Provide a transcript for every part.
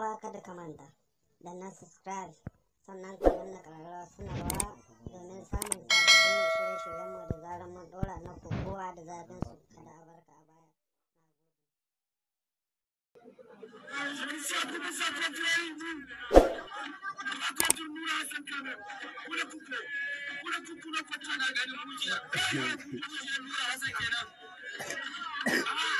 ka da kamanta manta da na subscribe sannan ka danna suna rawa domin samun sabbin shirye-shiryenmu da zarar mun ɗora na kowa da zafin su kada a barka a baya. Thank you.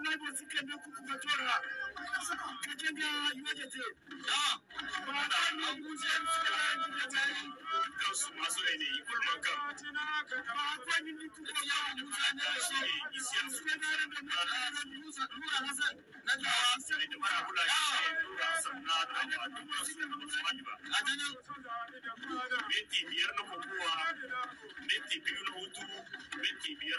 wallahi sikende kukugotora kachenga iwetete vanani muzemusikaaiatari kasumasore neikulmaka vakwani ndikukoauzanashe isiyafuenarendamuzadurahasa meti biyar na kokowa meti biyu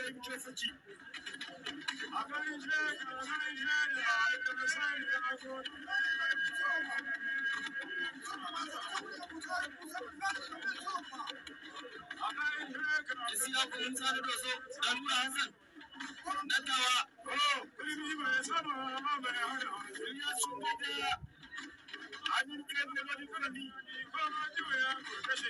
electricity. Abin kan da wani kanadi, ba ma jiwa ya kashe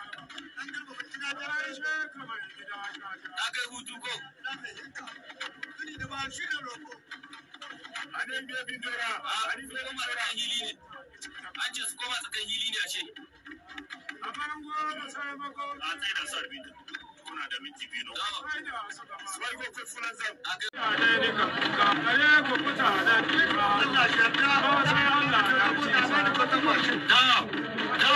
Na kai hutu ko? A nan biya bin dora, a nan da a ce. A bayan goma sai mako. A da da kuta da Allah Allah ya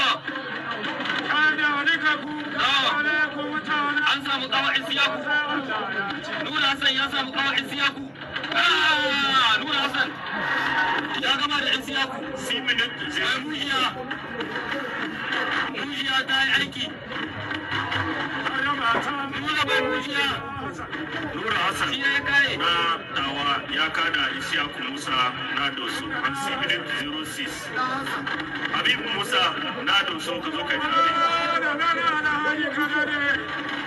an samu kawa isiyaku nura hassan ya samu kawa isiyaku nura hassan ya gama da isiyaku mai mujiya mujiya ta yi aiki nura mai mujiya nura hassan shi ya kai ah. ya kada Ishaku Musa Nadoso and 06. Habibu Musa Nadoso ka zo ka ji